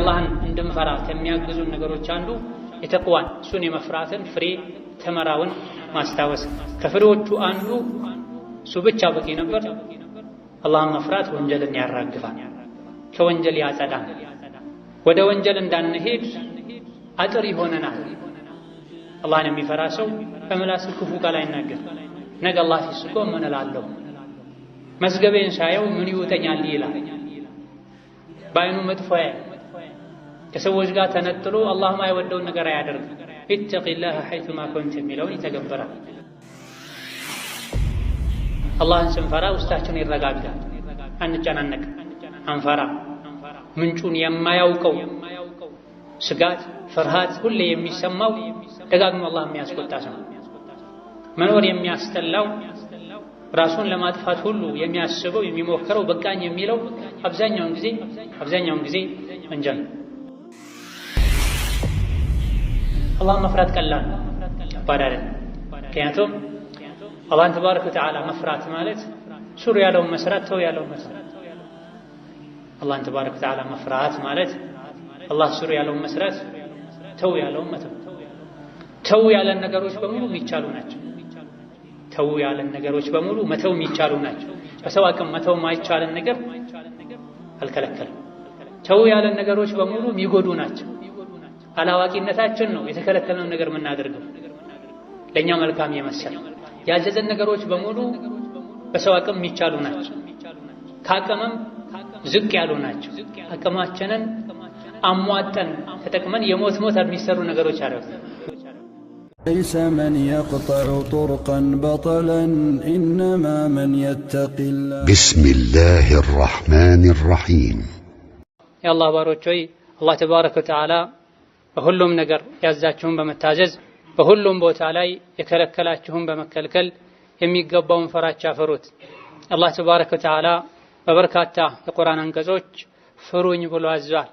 አላህን እንድንፈራ ከሚያግዙን ነገሮች አንዱ የተቅዋን እሱን የመፍራትን ፍሬ ተመራውን ማስታወስ ከፍሬዎቹ አንዱ እሱ ብቻ በቂ ነበር። አላህን መፍራት ወንጀልን ያራግፋል፣ ከወንጀል ያጸዳል፣ ወደ ወንጀል እንዳንሄድ አጥር ይሆነናል። አላህን የሚፈራ ሰው በምላስ ክፉ ቃል አይናገር። ነገ አላህ ፊት ስቆም ምን እላለሁ፣ መዝገቤን ሳየው ምን ይውጠኛል ይላል። በአይኑ መጥፎ ከሰዎች ጋር ተነጥሎ አላህም አይወደውን ነገር አያደርግም። ኢተቂላህ ሐይቱማ ኩንት የሚለውን ይተገበራል። አላህን ስንፈራ ውስጣችን ይረጋጋል፣ አንጨናነቅ፣ አንፈራ። ምንጩን የማያውቀው ስጋት፣ ፍርሃት ሁሌ የሚሰማው ደጋግሞ አላህ የሚያስቆጣ ሰው መኖር የሚያስጠላው ራሱን ለማጥፋት ሁሉ የሚያስበው የሚሞክረው በቃኝ የሚለው አብዛኛውን ጊዜ አብዛኛውን ጊዜ ወንጀል አላህን መፍራት ቀላል ከባድ አይደለም። ምክንያቱም አላህን ተባረከ ወተዓላ መፍራት ማለት ስሩ ያለውን መስራት፣ ተው ያለውን መስራት። አላህን ተባረከ ወተዓላ መፍራት ማለት አላህ ስሩ ያለውን መስራት፣ ተው ያለውን መተው። ተው ያለን ነገሮች በሙሉ የሚቻሉ ናቸው። ተው ያለን ነገሮች በሙሉ መተው የሚቻሉ ናቸው። በሰው አቅም መተው ማይቻለን ነገር አልከለከለም። ተው ያለን ነገሮች በሙሉ የሚጎዱ ናቸው። አላዋቂነታችን ነው የተከለከልነውን ነገር የምናደርገው ለእኛ መልካም የመሰል ያዘዘን ነገሮች በሙሉ በሰው አቅም የሚቻሉ ናቸው። ከአቅምም ዝቅ ያሉ ናቸው። አቅማችንን አሟጠን ተጠቅመን የሞት ሞት የሚሰሩ ነገሮች አሉ። ليس من يقطع طرقا بطلا إنما من يتقي الله بسم الله الرحمن الرحيم يا الله بارك الله تبارك وتعالى በሁሉም ነገር ያዛችሁን በመታዘዝ በሁሉም ቦታ ላይ የከለከላችሁን በመከልከል የሚገባውን ፈራቻ ፍሩት። አላህ ተባረከ ወተዓላ በበርካታ የቁርአን አንቀጾች ፍሩኝ ብሎ አዟል።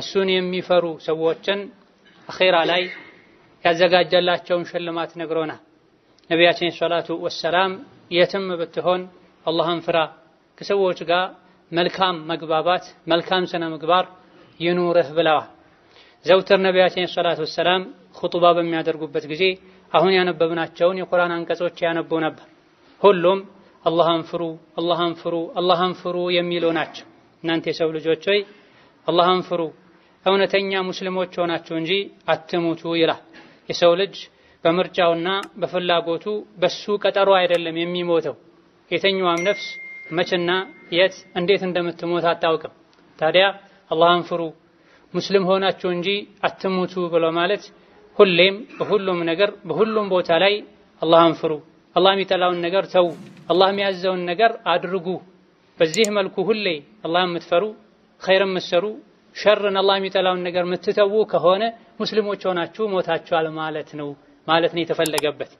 እሱን የሚፈሩ ሰዎችን አኼራ ላይ ያዘጋጀላቸውን ሽልማት ነግሮና ነቢያችን ሰላቱ ወሰላም የትም ብትሆን አላህን ፍራ፣ ከሰዎች ጋር መልካም መግባባት፣ መልካም ስነ ምግባር ይኑርህ ብለዋል። ዘውትር ነቢያችን ሰላት ወሰላም ኹጡባ በሚያደርጉበት ጊዜ አሁን ያነበብናቸውን የቁርአን አንቀጾች ያነቡ ነበር። ሁሉም አላህን ፍሩ፣ አላህን ፍሩ፣ አላህን ፍሩ የሚሉ ናቸው። እናንተ የሰው ልጆች ሆይ አላህን ፍሩ፣ እውነተኛ ሙስሊሞች ሆናችሁ እንጂ አትሙቱ ይላል። የሰው ልጅ በምርጫውና በፍላጎቱ በሱ ቀጠሮ አይደለም የሚሞተው። የተኛዋም ነፍስ መቼና የት እንዴት እንደምትሞት አታውቅም። ታዲያ አላህን ፍሩ ሙስሊም ሆናችሁ እንጂ አትሙቱ ብሎ ማለት ሁሌም በሁሉም ነገር በሁሉም ቦታ ላይ አላህን ፍሩ፣ አላህ የሚጠላውን ነገር ተዉ፣ አላህ የሚያዘውን ነገር አድርጉ። በዚህ መልኩ ሁሌ አላህ የምትፈሩ ኸይር የምትሰሩ ሸርን አላህ የሚጠላውን ነገር የምትተዉ ከሆነ ሙስሊሞች ሆናችሁ ሞታችኋል ማለት ነው ማለት ነው የተፈለገበት።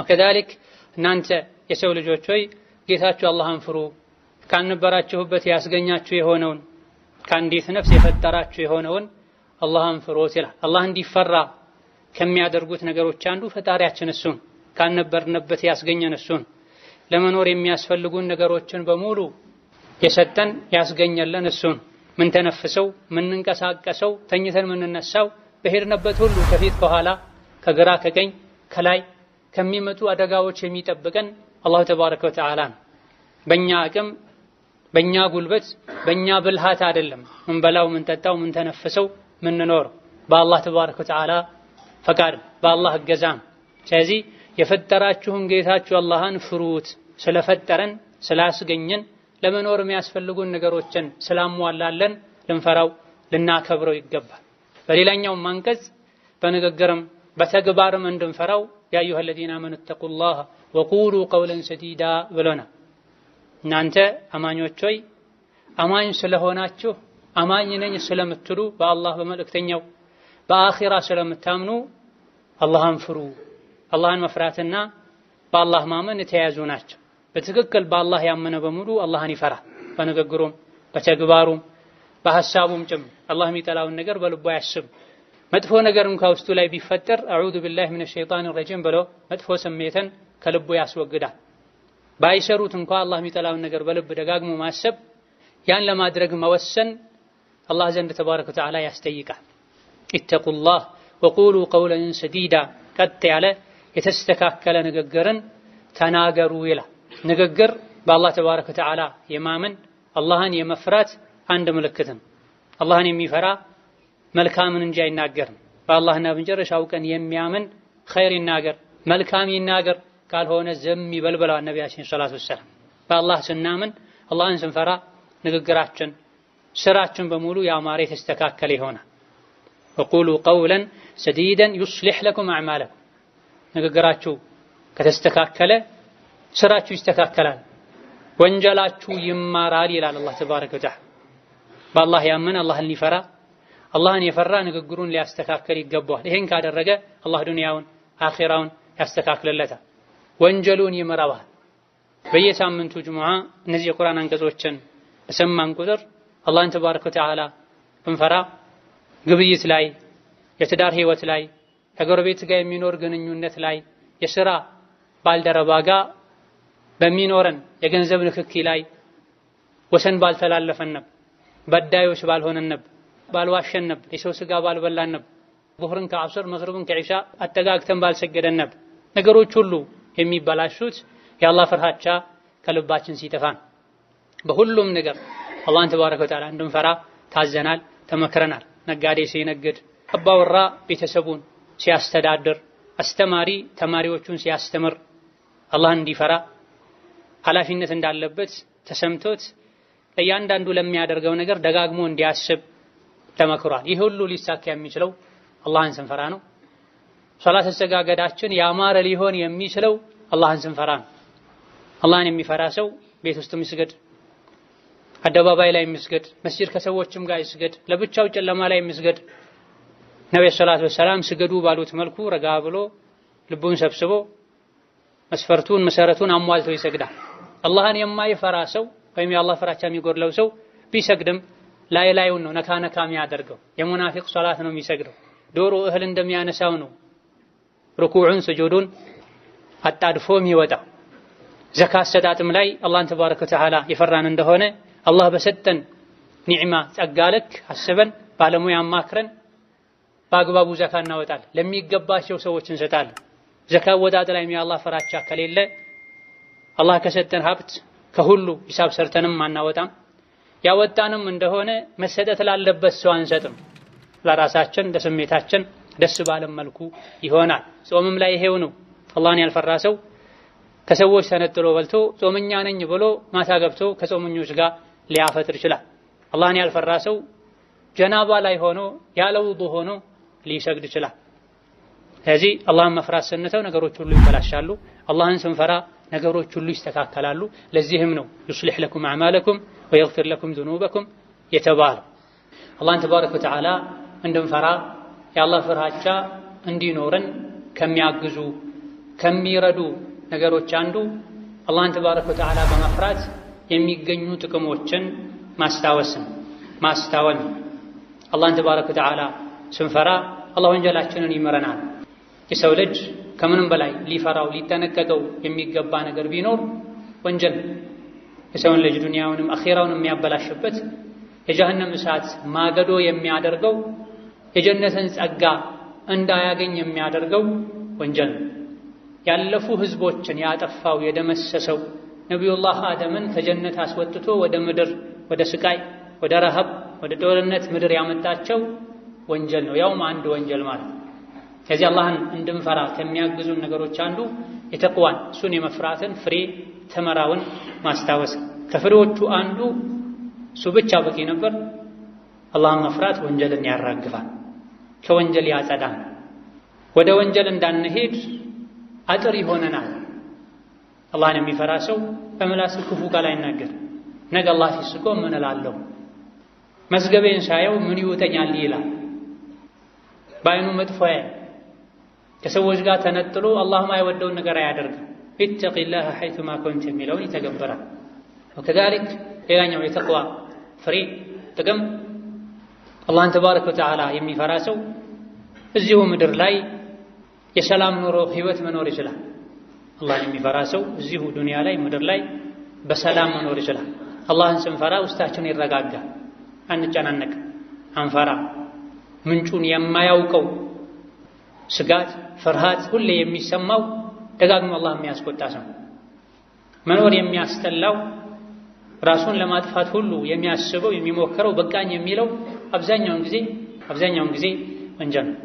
ወከዛሊክ እናንተ የሰው ልጆች ሆይ ጌታችሁ አላህን ፍሩ፣ ካልነበራችሁበት ያስገኛችሁ የሆነውን ከአንዲት ነፍስ የፈጠራችሁ የሆነውን አላህን ፍሮት ይላል። አላህ እንዲፈራ ከሚያደርጉት ነገሮች አንዱ ፈጣሪያችን እሱን ካልነበርንበት ያስገኘን እሱን ለመኖር የሚያስፈልጉን ነገሮችን በሙሉ የሰጠን ያስገኘለን እሱን ምንተነፍሰው ምንንቀሳቀሰው ተኝተን ምንነሳው በሄድንበት ሁሉ ከፊት ከኋላ ከግራ ከቀኝ ከላይ ከሚመጡ አደጋዎች የሚጠብቀን አላሁ ተባረከ ወተዓላ ነው። በእኛ አቅም በእኛ ጉልበት በእኛ ብልሃት አይደለም ምንበላው፣ ምንጠጣው፣ ምንተነፍሰው፣ ምንኖረው በአላህ ተባረከ ወተዓላ ፈቃድ በአላህ እገዛም። ስለዚህ የፈጠራችሁን ጌታችሁ አላህን ፍሩት። ስለፈጠረን ስላስገኘን ለመኖር የሚያስፈልጉን ነገሮችን ስላሟላለን ልንፈራው ልናከብረው ይገባል። በሌላኛውም አንቀጽ በንግግርም በተግባርም እንድንፈራው ያ አዩሀ ለዚነ አመኑ ተቁላህ ወቁሉ ቀውለን ሰዲዳ ብሎናል። እናንተ አማኞች ሆይ አማኝ ስለሆናችሁ አማኝ ነኝ ስለምትሉ በአላህ በመልእክተኛው በአኺራ ስለምታምኑ አላህን ፍሩ። አላህን መፍራትና በአላህ ማመን የተያያዙ ናቸው። በትክክል በአላህ ያመነ በሙሉ አላህን ይፈራል። በንግግሩም፣ በተግባሩም፣ በሐሳቡም ጭም አላህ የሚጠላውን ነገር በልቡ አያስብም። መጥፎ ነገር እንኳ ውስጡ ላይ ቢፈጠር አዑዙ ቢላሂ ሚነ ሸይጣን ረጂም ብሎ መጥፎ ስሜትን ከልቡ ያስወግዳል። ባይሰሩት እንኳ አላህ የሚጠላውን ነገር በልብ ደጋግሞ ማሰብ ያን ለማድረግ መወሰን አላህ ዘንድ ተባረከ ወተዓላ ያስጠይቃል። ኢተቁላህ ወቁሉ ቀውለን ሰዲዳ ቀጥ ያለ የተስተካከለ ንግግርን ተናገሩ ይላል። ንግግር በአላህ ተባረከ ወተዓላ የማመን አላህን የመፍራት አንድ ምልክት ነው። አላህን የሚፈራ መልካምን እንጂ አይናገርም። በአላህና በመጨረሻው ቀን የሚያምን ኸይር ይናገር፣ መልካም ይናገር ካልሆነ ዝም ይበል ብለዋል ነቢያችን ሰላቱ ወሰላም። በአላህ ስናምን አላህን ስንፈራ ንግግራችን፣ ስራችን በሙሉ ያማረ የተስተካከለ ይሆናል። ወቁሉ ቀውለን ሰዲደን ዩስሊሕ ለኩም አዕማለኩም ንግግራችሁ ከተስተካከለ ስራችሁ ይስተካከላል፣ ወንጀላችሁ ይማራል ይላል አላህ ተባረከ ወተዓላ። በአላህ ያመነ አላህን ሊፈራ አላህን የፈራ ንግግሩን ሊያስተካከል ይገባዋል። ይሄን ካደረገ አላህ ዱንያውን አኼራውን ያስተካክልለታል። ወንጀሉን ይምረዋል። በየሳምንቱ ጁሙዓ እነዚህ የቁርአን አንቀጾችን በሰማን ቁጥር አላህን ተባረከ ወተዓላ ብንፈራ ግብይት ላይ፣ የትዳር ህይወት ላይ፣ ከጎረቤት ጋር የሚኖር ግንኙነት ላይ፣ የስራ ባልደረባ ጋር በሚኖረን የገንዘብ ንክኪ ላይ ወሰን ባልተላለፈነብ፣ በዳዮች ባልሆነነብ፣ ባልዋሸነብ፣ የሰው ስጋ ባልበላነብ፣ ዙህርን ከአስር ፣ መግሪብን ከዒሻ አጠጋግተን ባልሰገደነብ ነገሮች ሁሉ የሚበላሹት የአላህ ፍርሃቻ ከልባችን ሲጠፋ በሁሉም ነገር አላህን ተባረከ ወተዓላ እንድንፈራ ታዘናል፣ ተመክረናል። ነጋዴ ሲነግድ፣ አባወራ ቤተሰቡን ሲያስተዳድር፣ አስተማሪ ተማሪዎቹን ሲያስተምር አላህን እንዲፈራ ኃላፊነት እንዳለበት ተሰምቶት ለእያንዳንዱ ለሚያደርገው ነገር ደጋግሞ እንዲያስብ ተመክሯል። ይህ ሁሉ ሊሳካ የሚችለው አላህን ስንፈራ ነው። ሶላት አሰጋገዳችን ያማረ ሊሆን የሚችለው አላህን ስንፈራ ነው። አላህን የሚፈራ ሰው ቤት ውስጥም ይስገድ፣ አደባባይ ላይ የሚስገድ፣ መስጂድ ከሰዎችም ጋር ይስገድ፣ ለብቻው ጨለማ ላይ የሚስገድ ነብይ ሰለላሁ ዐለይሂ ወሰለም ስገዱ ባሉት መልኩ ረጋ ብሎ ልቡን ሰብስቦ መስፈርቱን መሰረቱን አሟልቶ ይሰግዳል። አላህን የማይፈራ ሰው ወይም የአላህ ፍራቻ የሚጎድለው ሰው ቢሰግድም ላይ ላዩን ነው ነካ ነካ የሚያደርገው። የሙናፊቅ ሶላት ነው የሚሰግደው። ዶሮ እህል እንደሚያነሳው ነው ርኩዑን ስጁዱን አጣድፎ የሚወጣው ዘካ አሰጣጥም ላይ አላህን ተባረከ ወተዓላ የፈራን እንደሆነ አላህ በሰጠን ኒዕማ ጸጋ ልክ አስበን ባለሙያ አማክረን በአግባቡ ዘካ እናወጣል። ለሚገባቸው ሰዎች እንሰጣል ዘካ ወጣጥ ላይ የአላህ ፈራቻ ከሌለ አላህ ከሰጠን ሀብት ከሁሉ ሂሳብ ሰርተንም አናወጣም። ያወጣንም እንደሆነ መሰጠት ላለበት ሰው አንሰጥም። ለራሳችን ለስሜታችን ደስ ባለም መልኩ ይሆናል። ጾምም ላይ ይሄው ነው። አላህን ያልፈራ ሰው ከሰዎች ተነጥሎ በልቶ ጾመኛ ነኝ ብሎ ማታ ገብቶ ከጾመኞች ጋር ሊያፈጥር ይችላል። አላህን ያልፈራ ሰው ጀናባ ላይ ሆኖ ያለ ውዱ ሆኖ ሊሰግድ ይችላል። ስለዚህ አላህን መፍራት ስንተው ነገሮች ሁሉ ይበላሻሉ። አላህን ስንፈራ ነገሮች ሁሉ ይስተካከላሉ። ለዚህም ነው ዩስሊሕ ለኩም አዕማለኩም ወየግፊር ለኩም ዙኑበኩም የተባለው አላህን ተባረከ ወተዓላ እንድንፈራ የአላህ ፍርሃቻ እንዲኖረን ከሚያግዙ ከሚረዱ ነገሮች አንዱ አላህን ተባረከ ወተዓላ በመፍራት የሚገኙ ጥቅሞችን ማስታወስን ማስታወን። አላህን ተባረከ ወተዓላ ስንፈራ አላህ ወንጀላችንን ይምረናል። የሰው ልጅ ከምንም በላይ ሊፈራው ሊጠነቀቀው የሚገባ ነገር ቢኖር ወንጀል የሰውን ልጅ ዱንያውንም አኼራውን የሚያበላሽበት የጀሀነም እሳት ማገዶ የሚያደርገው የጀነትን ጸጋ እንዳያገኝ የሚያደርገው ወንጀል ነው። ያለፉ ህዝቦችን ያጠፋው የደመሰሰው ነቢዩላህ አደምን ከጀነት አስወጥቶ ወደ ምድር ወደ ስቃይ፣ ወደ ረሃብ፣ ወደ ጦርነት ምድር ያመጣቸው ወንጀል ነው። ያውም አንድ ወንጀል ማለት ነው። ከዚህ አላህን እንድንፈራ ከሚያግዙን ነገሮች አንዱ የተቅዋን እሱን የመፍራትን ፍሬ ተመራውን ማስታወስ። ከፍሬዎቹ አንዱ እሱ ብቻ በቂ ነበር። አላህን መፍራት ወንጀልን ያራግፋል። ከወንጀል ያጸዳል። ወደ ወንጀል እንዳንሄድ አጥር ይሆነናል። አላህን የሚፈራ ሰው በምላስ ክፉ ቃል አይናገር። ነገ አላህ ሲስቆ ምን እላለሁ፣ መዝገቤን ሳየው ምን ይውጠኛል ይላል። በአይኑ መጥፎ ያይ፣ ከሰዎች ጋር ተነጥሎ አላህ አይወደውን ነገር አያደርግም። ኢተቂላህ ሐይቱማ ኩንት የሚለውን ይተገብራል። ወከዛሊክ ሌላኛው የተቅዋ ፍሬ ጥቅም አላህን ተባረከ ወተዓላ የሚፈራ ሰው እዚሁ ምድር ላይ የሰላም ኑሮ ህይወት መኖር ይችላል። አላህን የሚፈራ ሰው እዚሁ ዱንያ ላይ ምድር ላይ በሰላም መኖር ይችላል። አላህን ስንፈራ ውስጣችን ይረጋጋ፣ አንጨናነቅ፣ አንፈራ። ምንጩን የማያውቀው ስጋት፣ ፍርሃት ሁሌ የሚሰማው ደጋግሞ አላህ የሚያስቆጣ ሰው መኖር የሚያስጠላው ራሱን ለማጥፋት ሁሉ የሚያስበው የሚሞክረው በቃኝ የሚለው አብዛኛውን ጊዜ አብዛኛውን ጊዜ ወንጀል ነው።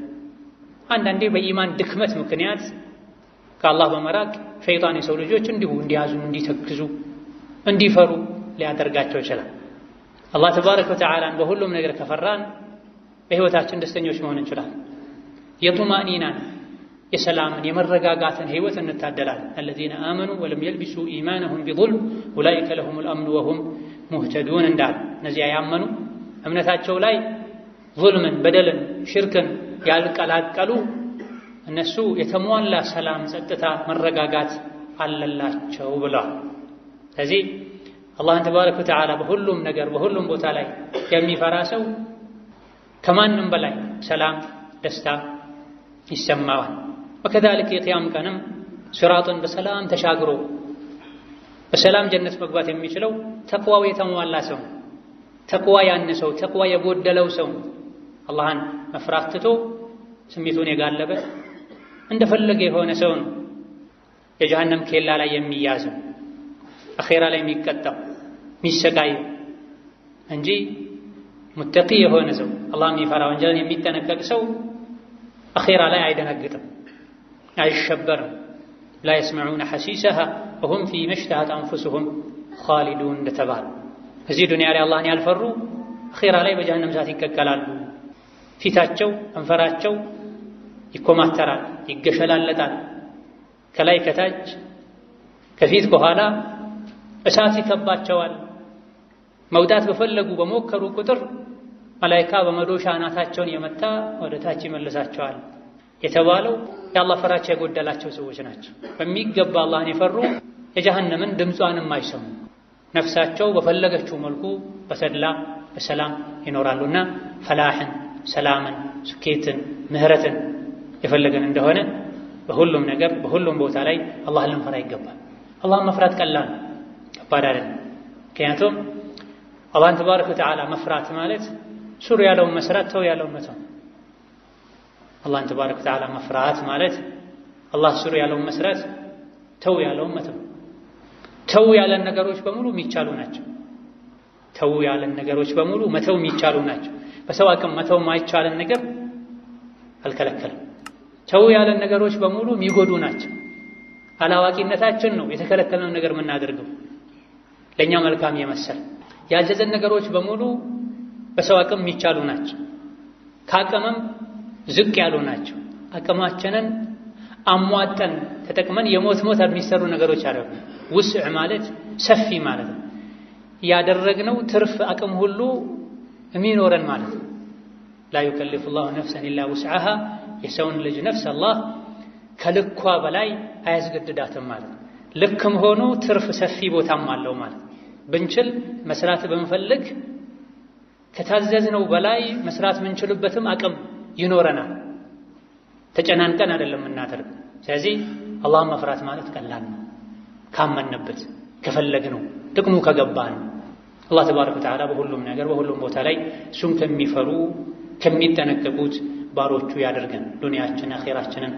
አንዳንዴ በኢማን ድክመት ምክንያት ከአላህ በመራቅ ሸይጣን የሰው ልጆች እንዲሁ እንዲያዙ፣ እንዲተክዙ፣ እንዲፈሩ ሊያደርጋቸው ይችላል። አላህ ተባረከ ወተዓላን በሁሉም ነገር ከፈራን በህይወታችን ደስተኞች መሆን እንችላል። የጡማኒናን የሰላምን የመረጋጋትን ህይወት እንታደላለን። አለዚነ አመኑ ወለም የልቢሱ ኢማነሁም ቢዙልም ኡላኢከ ለሁም ልአምኑ ወሁም ሙህተዱን እንዳል እነዚያ ያመኑ እምነታቸው ላይ ዙልምን፣ በደልን፣ ሽርክን ያልቀላቀሉ እነሱ የተሟላ ሰላም፣ ጸጥታ፣ መረጋጋት አለላቸው ብለዋል። ስለዚህ አላህን ተባረከ ወተዓላ በሁሉም ነገር በሁሉም ቦታ ላይ የሚፈራ ሰው ከማንም በላይ ሰላም፣ ደስታ ይሰማዋል። ወከዛልክ የቅያም ቀንም ሲራጡን በሰላም ተሻግሮ በሰላም ጀነት መግባት የሚችለው ተቅዋው የተሟላ ሰው ተቅዋ ያነሰው ተቅዋ የጎደለው ሰው አላህን መፍራት ትቶ ስሜቱን የጋለበ እንደፈለገ የሆነ ሰው ነው የጀሃነም ኬላ ላይ የሚያዘው አኼራ ላይ የሚቀጣው የሚሰቃየው እንጂ ሙተቂ የሆነ ሰው አላህ የሚፈራ ወንጀልን የሚጠነቀቅ ሰው አኼራ ላይ አይደነግጥም፣ አይሸበርም። ላ የስመዑነ ሐሲሰሃ ወሁም ፊ መሽተሃት አንፉስሁም ኻሊዱን እንደተባለ እዚህ ዱንያ ላይ አላህን ያልፈሩ አኺራ ላይ በጀሃነም እሳት ይቀቀላሉ። ፊታቸው እንፈራቸው ይኮማተራል፣ ይገሸላለጣል። ከላይ ከታች ከፊት ከኋላ እሳት ይከባቸዋል። መውጣት በፈለጉ በሞከሩ ቁጥር መላይካ በመዶሻ አናታቸውን የመታ ወደ ታች ይመልሳቸዋል የተባለው የአላህ ፈራቻ የጎደላቸው ሰዎች ናቸው። በሚገባ አላህን የፈሩ የጀሃነምን ድምጿንም አይሰሙ ነፍሳቸው በፈለገችው መልኩ በሰላ በሰላም ይኖራሉና ፈላህን፣ ሰላምን፣ ስኬትን፣ ምህረትን የፈለገን እንደሆነ በሁሉም ነገር በሁሉም ቦታ ላይ አላህን ልንፈራ ይገባል። አላህን መፍራት ቀላል ነው፣ ከባድ አይደለም። ምክንያቱም አላህን ተባረከ ወተዓላ መፍራት ማለት ሱሩ ያለውን መስራት፣ ተው ያለውን መተው። አላህን ተባረከ ወተዓላ መፍራት ማለት አላህ ሱሩ ያለውን መስራት፣ ተው ያለውን መተው ተው ያለን ነገሮች በሙሉ የሚቻሉ ናቸው። ተው ያለን ነገሮች በሙሉ መተው የሚቻሉ ናቸው። በሰው አቅም መተው ማይቻለን ነገር አልከለከለም። ተው ያለን ነገሮች በሙሉ የሚጎዱ ናቸው። አላዋቂነታችን ነው የተከለከለን ነገር የምናደርገው ለእኛ መልካም የመሰል ያዘዘን ነገሮች በሙሉ በሰው አቅም የሚቻሉ ናቸው። ከአቅምም ዝቅ ያሉ ናቸው። አቅማችንን አሟጠን ተጠቅመን የሞት ሞት የሚሰሩ ነገሮች አሉ። ውስዕ ማለት ሰፊ ማለት ነው። ያደረግነው ትርፍ አቅም ሁሉ የሚኖረን ማለት ነው። ላ ዩከልፍ ላሁ ነፍሰን ኢላ ውስዓሃ የሰውን ልጅ ነፍስ አላህ ከልኳ በላይ አያስገድዳትም ማለት ነው። ልክም ሆኖ ትርፍ ሰፊ ቦታም አለው ማለት ብንችል መስራት ብንፈልግ ከታዘዝነው በላይ መስራት ምንችልበትም አቅም ይኖረናል። ተጨናንቀን አይደለም እናደርግ። ስለዚህ አላህን መፍራት ማለት ቀላል ነው። ካመንበት ከፈለግ ነው ጥቅሙ ከገባ ነው። አላህ ተባረከ ወተዓላ በሁሉም ነገር በሁሉም ቦታ ላይ እሱን ከሚፈሩ ከሚጠነቀቁት ባሮቹ ያደርገን፣ ዱንያችን አኼራችንን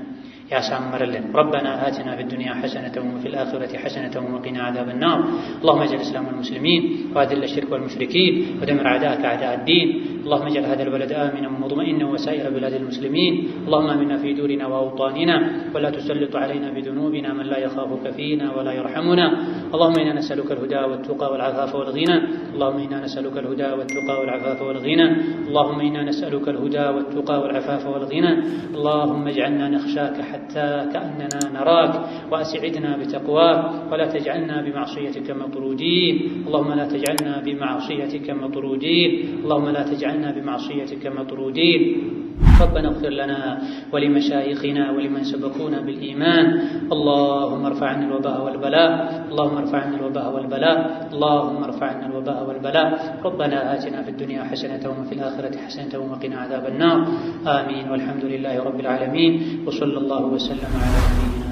ያሳምርልን። ረበና አቲና ፊዱንያ ሐሰነተን ወፊል አኺረቲ ሐሰነተን ወቂና ዓዛበ ናር አላሁመ እጅዕል ኢስላም ወልሙስሊሚን ወአዚል አሽርክ ወልሙሽሪኪን ወደምር አዕዳአከ አዕዳአ ዲን اللهم اجعل هذا البلد آمنا مطمئنا وسائر بلاد المسلمين اللهم امنا في دورنا وأوطاننا ولا تسلط علينا بذنوبنا من لا يخافك فينا ولا يرحمنا اللهم إنا نسألك الهدى والتقى والعفاف والغنى اللهم إنا نسألك الهدى والتقى والعفاف والغنى اللهم إنا نسألك الهدى والتقى والعفاف والغنى اللهم اجعلنا نخشاك حتى كأننا نراك وأسعدنا بتقواك ولا تجعلنا بمعصيتك مطرودين اللهم لا تجعلنا بمعصيتك مطرودين اللهم لا تجعلنا عنا بمعصيتك مطرودين ربنا اغفر لنا ولمشايخنا ولمن سبقونا بالإيمان اللهم ارفع عنا الوباء والبلاء اللهم ارفع عنا الوباء والبلاء اللهم ارفع عنا الوباء والبلاء ربنا آتنا في الدنيا حسنة وفي الآخرة حسنة وقنا عذاب النار آمين والحمد لله رب العالمين وصلى الله وسلم على نبينا